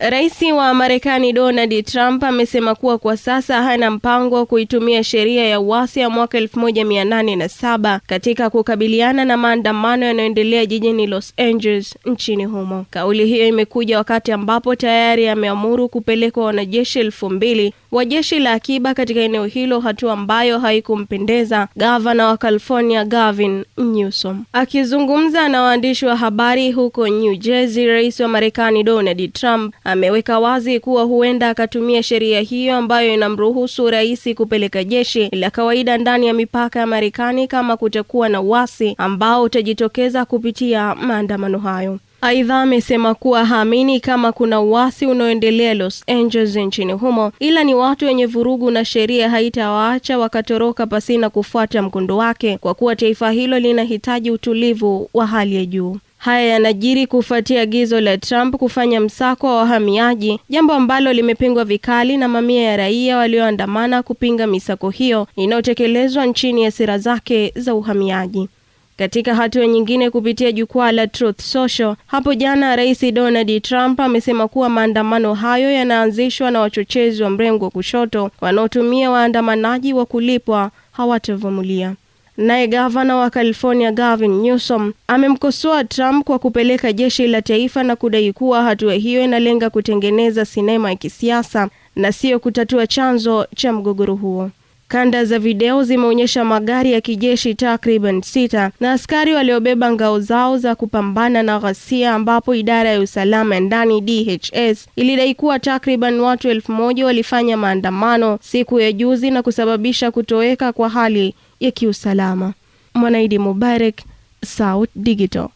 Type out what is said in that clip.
Rais wa Marekani Donald Trump amesema kuwa kwa sasa hana mpango wa kuitumia sheria ya uasi ya mwaka saba katika kukabiliana na maandamano yanayoendelea jijini Los Angeles nchini humo. Kauli hiyo imekuja wakati ambapo tayari ameamuru kupelekwa wanajeshi elfu mbili wa jeshi la akiba katika eneo hilo, hatua ambayo haikumpendeza gavana wa California Gavin Newsom. Akizungumza na waandishi wa habari huko New Jersey, rais wa Marekani Donald Trump ameweka wazi kuwa huenda akatumia sheria hiyo ambayo inamruhusu rais kupeleka jeshi la kawaida ndani ya mipaka ya Marekani kama kutakuwa na uasi ambao utajitokeza kupitia maandamano hayo. Aidha, amesema kuwa haamini kama kuna uasi unaoendelea Los Angeles nchini humo, ila ni watu wenye vurugu na sheria haitawaacha wakatoroka pasina kufuata mkondo wake, kwa kuwa taifa hilo linahitaji utulivu wa hali ya juu. Haya yanajiri kufuatia agizo la Trump kufanya msako wa wahamiaji, jambo ambalo limepingwa vikali na mamia ya raia walioandamana kupinga misako hiyo inayotekelezwa nchini ya sera zake za uhamiaji. Katika hatua nyingine, kupitia jukwaa la Truth Social hapo jana, Rais Donald Trump amesema kuwa maandamano hayo yanaanzishwa na wachochezi wa mrengo wa kushoto wanaotumia waandamanaji wa kulipwa hawatavumilia. Naye gavana wa California Gavin Newsom amemkosoa Trump kwa kupeleka jeshi la taifa na kudai kuwa hatua hiyo inalenga kutengeneza sinema ya kisiasa na siyo kutatua chanzo cha mgogoro huo. Kanda za video zimeonyesha magari ya kijeshi takriban sita na askari waliobeba ngao zao za kupambana na ghasia, ambapo idara ya usalama ya ndani DHS ilidai kuwa takriban watu elfu moja walifanya maandamano siku ya juzi na kusababisha kutoweka kwa hali ya kiusalama. Mwanaidi Mubarak, SAUT Digital.